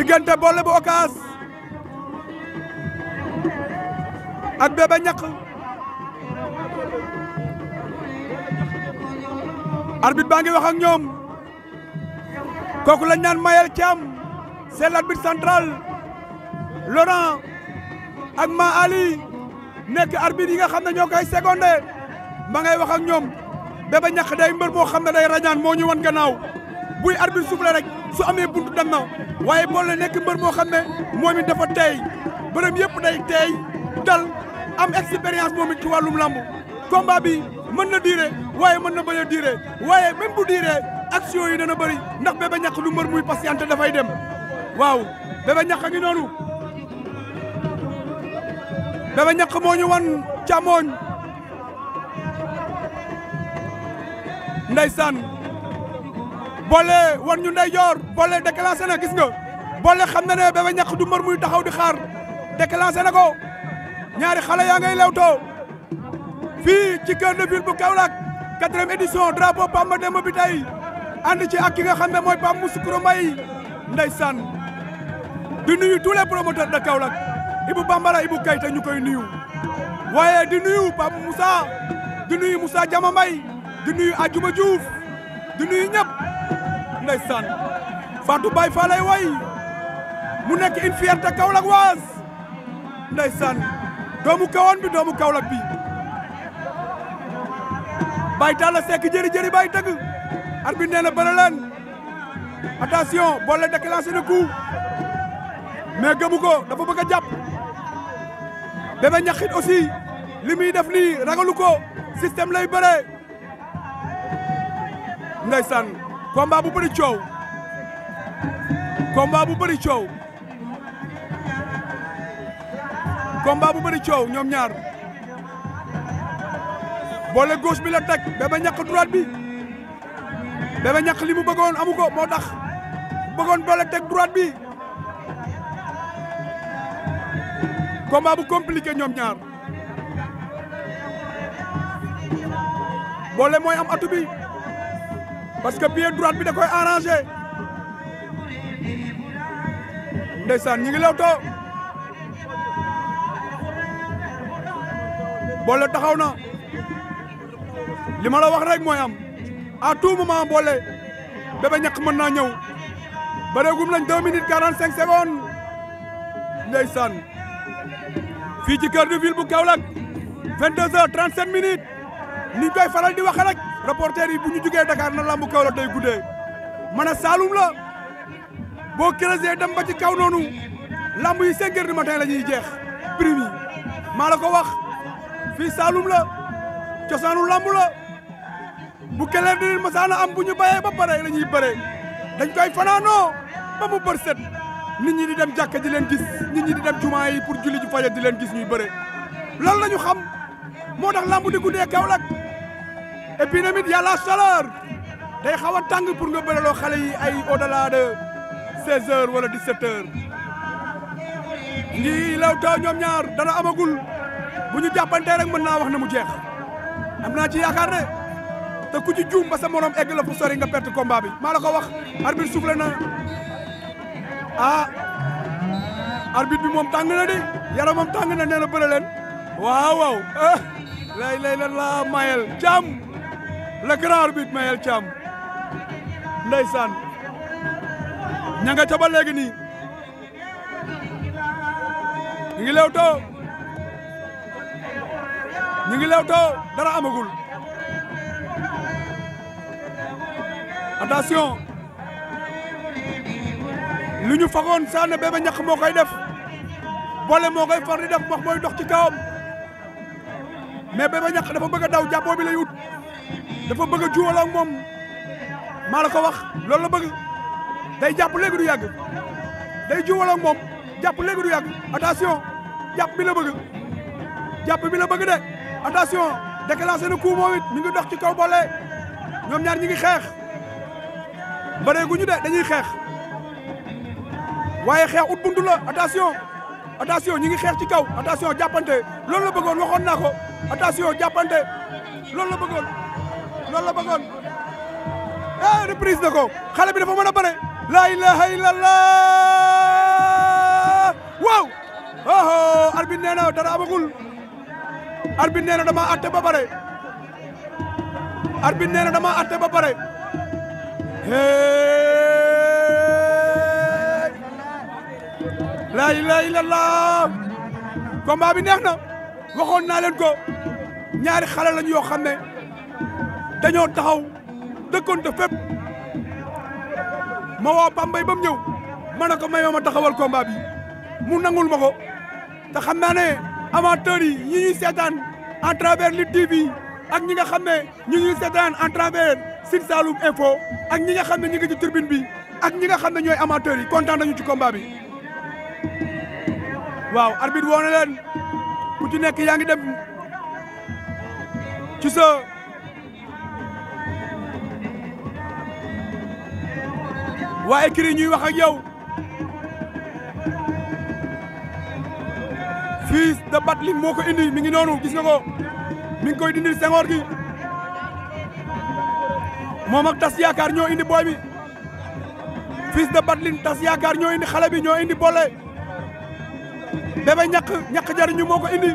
diggante boole bu okaas ak Bébé Ñakk arbitre baa ngi wax ak ñoom kooku lañ naan Mayel Thiam c'est l'arbitre central Laurent ak Ma Ali nekk arbitre yi nga xam ne ñoo koy secondé ma ngay wax ak ñoom Bébé Ñakk day mbër moo xam ne day rañaan moo ñu wan gannaaw buy arbitre soufflé rek su amé buntu dem na waye bo la nek mbeur mo xamné momi dafa tay beureum yépp day tay dal am expérience momi ci walum lamb combat bi mën na diré waye mën na bañ diré waye même bu diré action yi dana bari ndax Bébé ñak lu mbeur muy da fay dem waw Bébé ñak ngi nonu Bébé ñak mo ñu wan chamoñ ndaysan bolé won ñu jor bolé déclenché na gis nga bolé xam na ne ba ñak du mbër muy taxaw di xaar déclenché na ko ñaari xale ya ngay lewto fi ci cœur de ville bu Kaolack quatrième édition drapeau pamba Demba bi tay and ci ak ki nga xam né moy pam musukuro may ndeysaan di nuyu tous les promoteurs de Kaolack Ibou Bambara ibu Kayta ñukoy nuyu waye di nuyu pam Moussa di nuyu Moussa Jama may di nuyu Adjuma Diouf di nuyu ñep ndeysaan Fatou Baye Fall lay way mu nekk une fierté Kaolack waas ndeysaan doomu kawoon bi doomu Kaolack bi Baye Talla Seck jëri jëri Baye tëgg arbitre nee na bëre leen attention boole déclenché na coup mais dafa bëgg a jàpp Bébé Ñax it aussi li muy def nii ragalu ko système lay bëree ndeysaan combat bu bëri coow combat bu bëri coow combat bu bëri coow ñoom ñaar boole gauche bi la teg Bébé Ñakk droite bi Bébé Ñakk li mu bëggoon amu ko moo tax bëggoon boole teg droite bi combat bu compliqué ñoom ñaar boole mooy am atu bi parce que pied droite bi da koy arrangé ndeysaan ñi ngi lewtoo Bollé taxaw na li ma la wax rek mooy am à tout moment Bollé Bébé Ñakk mën naa ñëw bëreegum nañ deux minutes quarante cinq secondes fii ci cœur de ville bu Kaolack vingt deux heures trente sept minutes niñ koy faral di waxe reporter yi bu ñu jugee Dakar na lambu Kaolack day guddee man a Saalum la boo creusé dem ba ci kaw noonu lamb yi cinq heures du matin la jeex prime yi maa la ko wax fii Saalum la cosaanu lamb la bu keleer di leen masaana am bu ñu bayee ba pare la ñuy bëree dañ koy fanaanoo ba mu bër set nit ñi di dem jàkka di leen gis nit ñi di dem jumaa yi pour julli ju fajar di leen gis ñuy bëre loolu la ñu xam moo tax lamb di guddee Kaolack et puis nous y a la chaleur day xaw a tàng pour nga bëreloo xale yi au delà de 16 h wala 17 di ngi Leewtoo ñoom ñaar dara ya, amagul bu ñu jàppantee rek mën naa wax ne mu jeex am naa ci yaakaar ne te ku ci juum ba sa morom egg la fu sori nga perte combat bi maa ko wax arbitre soufflé na ah arbitre bi moom tàng na de yaramam tàng na na bëre leen waaw waaw eh. lay lay la mayel le grand arbitre Mayel Thiam ndeysaan ña nga ca ba léegi nii ñu ngi leew too dara amagul attention lu ñu fagoon saane Bébé Ñakk moo koy def boole moo koy def mox dox ci kawam mais Bébé Ñakk dafa bëgg daw jàppoo bi lay dafa bëgg a juwal ak moom maa la ko wax loolu la bëgg day jàpp léegi du yàgg day juwal moom jàpp léegi du yàgg attention jàpp bi la bëgg jàpp bi la bëgg de attention déclenché na coup moom it mi ngi dox ci kaw boole ñoom ñaar ñi ngi xeex bare guñu de dañuy xeex waaye xeex ut buntu la ñi ngi xeex ci kaw attention jàppante loolu la bëggoon waxoon naa jàppante loolu la bëggoon loolu la bëggoon eh reprise ko xale bi dafa mën a bëre la ilaha illallah waaw oho arbitre nee na dara amagul arbitre nee na dama atte ba pare arbitre nee na dama atte ba pare la ilaha illallah combat bi neex na waxoon naa ko ñaari xale lañ ne dañoo taxaw dëkkonte fépp ma woo Pambay ba mu ñëw ma ne ko may ma taxawal combat bi mu nangul ma ko te xam naa ne amateurs yi ñi ñuy seetaan à travers Lutte TV ak ñi nga xam ne ñi ñuy seetaan à travers Sir Saloum Info ak ñi nga xam ne ñi ngi ci turbine bi ak ñi nga xam ne ñooy amateurs yi kontaan nañu ci combat bi waaw arbitre woo na leen ku ci nekk yaa ngi dem ci sa waaye kiri ñuy wax ak yow Fils de li moo ko indi mi ngi noonu gis nga mi ngi koy dindil sengoor gi moo ak tas yaakaar ñoo indi booy bi Fils de li tas yaakaar ñoo indi xale bi ñoo indi boole bébé ñàkk ñàkk jariñu moo ko indi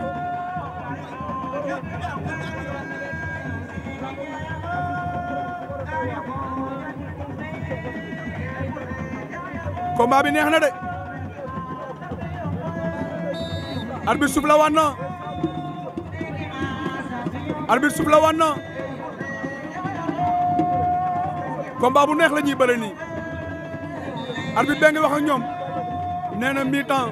combat bi neex na de arbitre suuf la wan na arbitre suuf la wan na combat bu neex la ñuy bëre nii arbitre bee wax ñoom nee na mi temps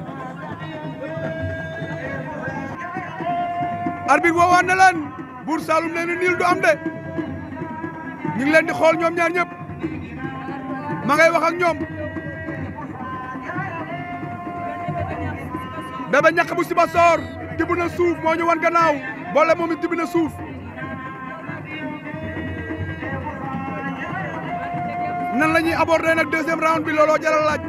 arbitre woo waan na leen Buur Saalum niil du am de ñu leen di xool ñoom ñaar ñëpp ma ngay wax ak ñoom bébé ñak bu ci tibb na suuf mo ñu wan gannaaw boole momi it tibb na suuf nan lañuy aborder nak deuxième round bi lolo jara laaj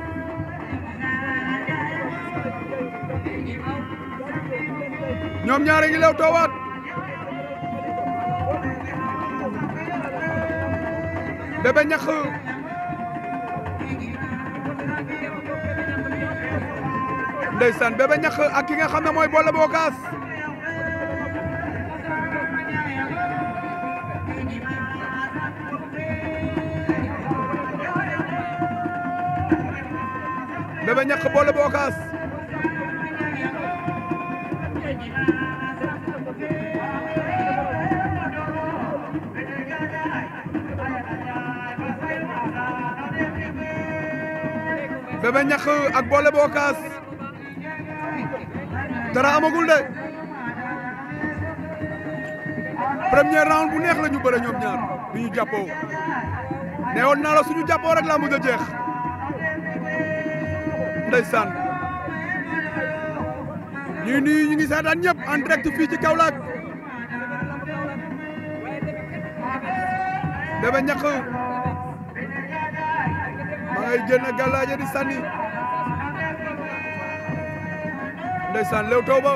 ñom ñaar ngi lew towat bébé ñak ndeysaan Bébé Ñakk ak ki nga xam ne mooy Bolle Bocas Bébé Ñakk dara amagul de premier round bu neex la ñu bëre ñoom ñaar bi ñu jàppoo neewoon naa la suñu jàppoo rek laa mujj a jeex ndeysaan ñuy ñu ngi seetaan ñëpp en direct fii ci Kaolack Bébé Ñakk ma ngay génn gàllaaje di sànni ndeysaan Leewtoo ba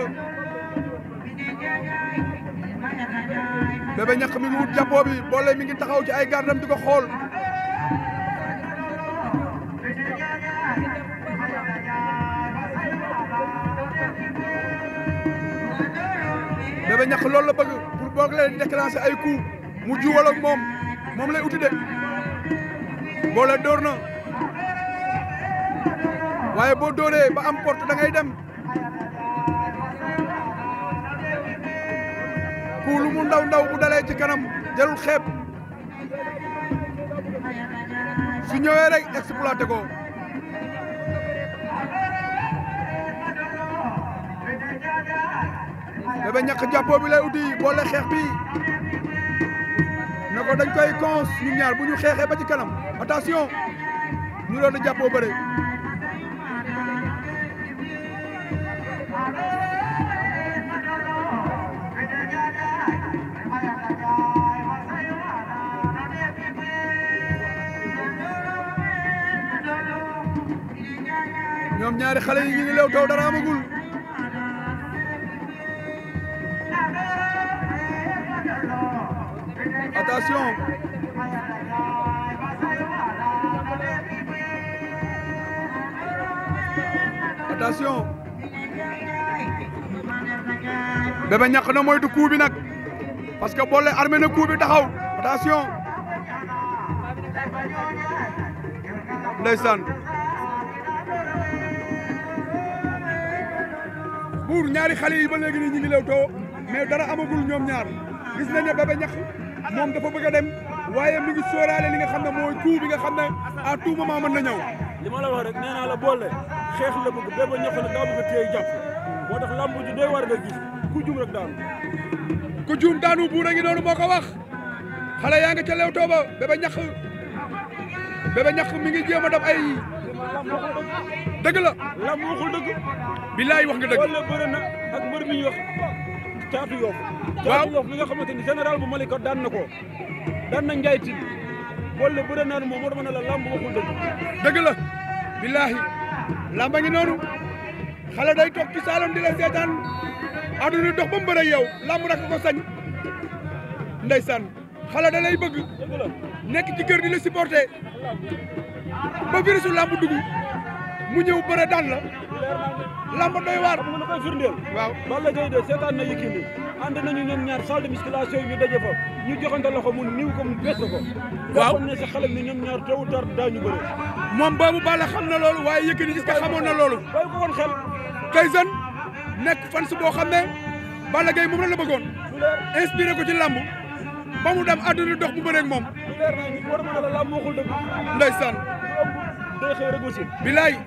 Bébé Ñax mi ngi wut jàppoo bi Bollé mi ngi taxaw ci ay gardam di ko xool Bébé Ñax loolu la bëgg pour boog leen déclencher ay coup mu juwal moom moom lay uti de Bollé dóor na waaye boo dóoree ba am porte da ngay dem ku lu mu ndaw ndaw bu dalee ci kanam jarul xeeb su ñëwee rek exploité ko Bébé Ñakk jàppoo bi lay boole xeex bi ne ko dañ koy cons ñun ñaar bu ñu xeexee ba ci kanam attention doon jàppoo ñaari xale yi ñu ngi lew taw dara amagul attention attention Bébé Ñakk na moytu coup bi nag parce que Bollé armé na coup bi taxaw attention ndeysaan buur ñaari xale yi ba léegi nii ñu ngi lewtoo mais dara amagul ñoom ñaar gis nañ ne Bébé Ñax moom dafa bëgg a dem waaye mi ngi sóoraale li nga xam ne mooy coup bi nga xam ne à tout mën na ñëw. li ma la wax rek nee naa la boole xeex la bëgg Bébé Ñax nag daa bëgg a téye jàpp moo tax lamb ji doy war nga gis ku juum rek daanu. ku juum daanu buur a ngi noonu moo ko wax xale yaa nga ca lewtoo ba Bébé Ñax Bébé Ñax mi ngi jéem a def ay. dëgg la lamb waxul dëgg. billaay wax nga dëgg wala bëre na ak mbër mi ñu wax caatu yoof caatu yoof li nga xamante ni général bu Malika daan na ko daan na Njaay Tine wala bëre naan moom moo dama ne la lamb waxul dëgg dëgg la billahi lamba ngi noonu xale day toog ci saalum di la seetaan aduna dox ba mu bëre yow lamb rek ko sañ ndeysaan xale da lay bëgg nekk ci kër di la supporté ba virusu lamb dugg mu ñëw bëre daan la lamb doy waar xam nga lu koy firndeel waaw Balla Gaye de seetaan na Yékini ànd nañu ñoom ñaar salle de musculation yi ñu daje fa ñu joxante loxo mu niw ko mu bés ko waaw ne sa xalam ne ñoom ñaar tawu tar daañu bëre moom boobu Balla xam na loolu waaye Yékini gis xamoon na loolu bàyyi ko xel Tyson nekk fan su xam ne Balla Gaye moom la la bëggoon inspiré ko ci lamb ba mu dem àdduna dox mu bëreeg moom leer na war ma la lamb waxul dëgg ndeysaan day xëy rek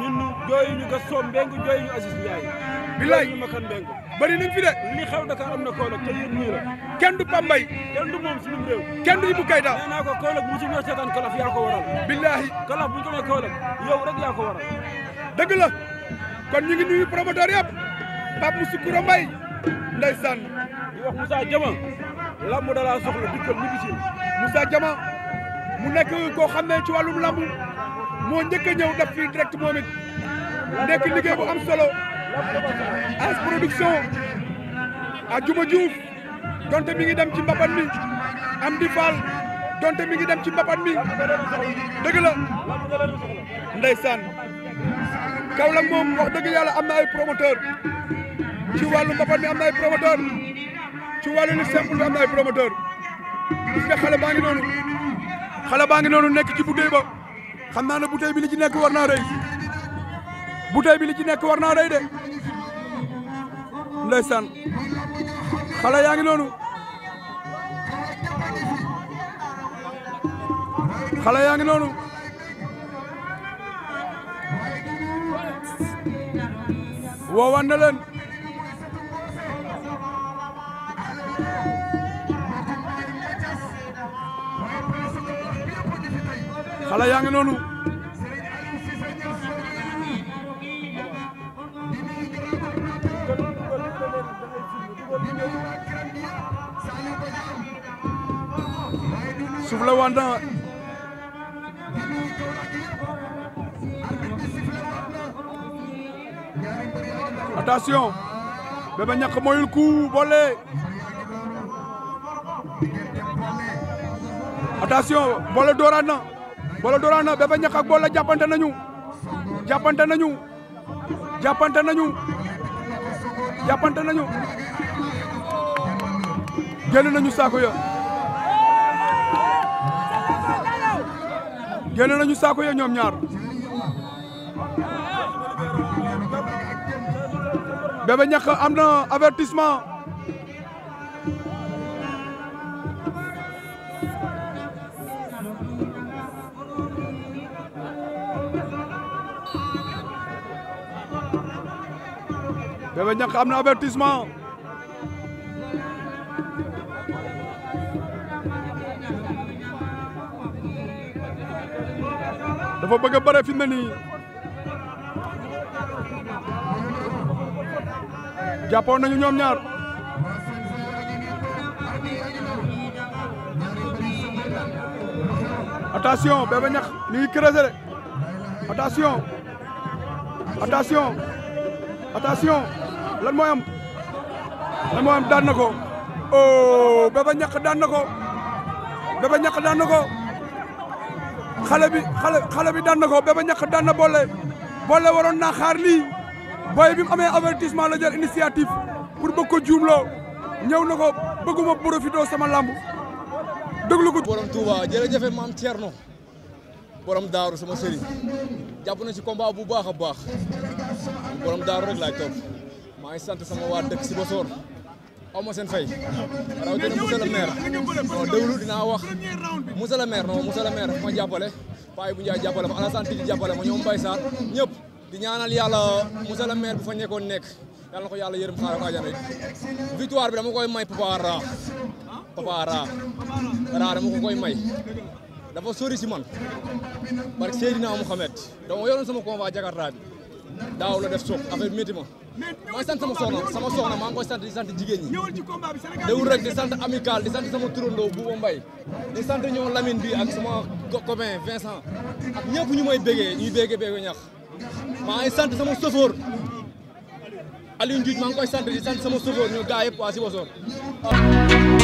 ñun ñu jooyuñu Gaston Mbengue jooyuñu Aziz Ndiaye. bilaay ñu Makan Mbengue. bëri nañ fi de. li xew Dakar am na Kaolack te yéen ñii la. kenn du Pambay. kenn du moom suñu réew. kenn du Ibou Keita. nee naa ko Kaolack mu ci ñoo seetaan kalaf ko waral. bilaay kalaf bu ñu ko nee Kaolack yow rek yaa ko waral. dëgg la kon ñu ngi nuyu promoteur yëpp Pape Moussa Koura Mbaye ndeysaan. wax Moussa Diama lamb da soxla dikkal ñu ngi ci mu nekk koo xam ci wàllum lamb. moo njëkk a ñëw def fii direct moom it nekk liggéey am solo as production a Juma Diouf donte mi ngi dem ci mbapat am di Fall donte mi ngi dem ci mbapat mi dëgg la ndeysaan Kaolack moom wax dëgg yàlla am na ay promoteur ci wàllu mbapat mi am na ay promoteur ci wàllu li simple bi am na ay promoteur gis nga xale baa ngi noonu xale baa ngi noonu nekk ci buddee ba xam naa ne bouteille bi li ci nekk war naa rëy bouteille bi li ci nekk war na rëy de ndeysaan xale yaa ngi noonu xale xale yaa ngi noonu suuf la wanta attention Bébé Ñakk moyul ku boole attention boole dooraat na Balla dooraan na Bébé Ñax ak Balla jàppante nañu jàppante nañu jàppante nañu jàppante nañu génn nañu saako ya génn nañu saako ya ñoom ñaar Bébé Ñax am na avertissement Bébé am na avertissement dafa bëgg a bëre fi mu ne nii jàppoon nañu ñoom ñaar attention Bébé Ñakk mi ngi creuser de attention attention lan mooy am lan mooy am daan na ko oh Bébé Ñakk daan na ko Bébé Ñakk daan na ko xale bi xale xale bi daan na ko Bébé Ñakk daan na boole boole waroon naa xaar lii booy bi mu amee avertissement la jël initiative pour bëgg ko juumloo ñëw na ko bëgguma profitoo sama lamb déglu ko. borom Touba jërëjëf maam Thierno borom daaru sama sëriñ jàpp na ci combat bu baax a baax borom daaru rek laay topp. maa sant sama waa dëkk Sibassor aw ma seen fay rawatina monsieur le maire non déglu dinaa wax monsieur le maire non monsieur ma jàppale Faye bu Ndiaye jàppale ma Alassane Tigi jàppale ma ñoom Mbaye Sarr ñëpp di ñaanal yàlla monsieur le maire bu fa nekkoon nekk yàlla na ko yàlla yërëm xaaral ko àjjana victoire bi dama koy may Papa Ra Papa Ra Ra dama ko koy may dafa sori si man parce que Seydina Mouhamed donc yoroon sama convoi Jakarta bi daaw la def suuf affaire métti ma mooy sant sama soxna sama soxna maa ngi koy sant di sant jigéen ñi déwul rek di sant amical di sant sama turandoo bu mbay di sant ñoom Lamine bi ak sama copain Vincent ak ñëpp ñu may bégee ñuy bégee bégee ñax maa ngi sant sama sofoor Aliou Ndiouge maa ngi koy sant di sama sofoor ñu gaa yëpp waa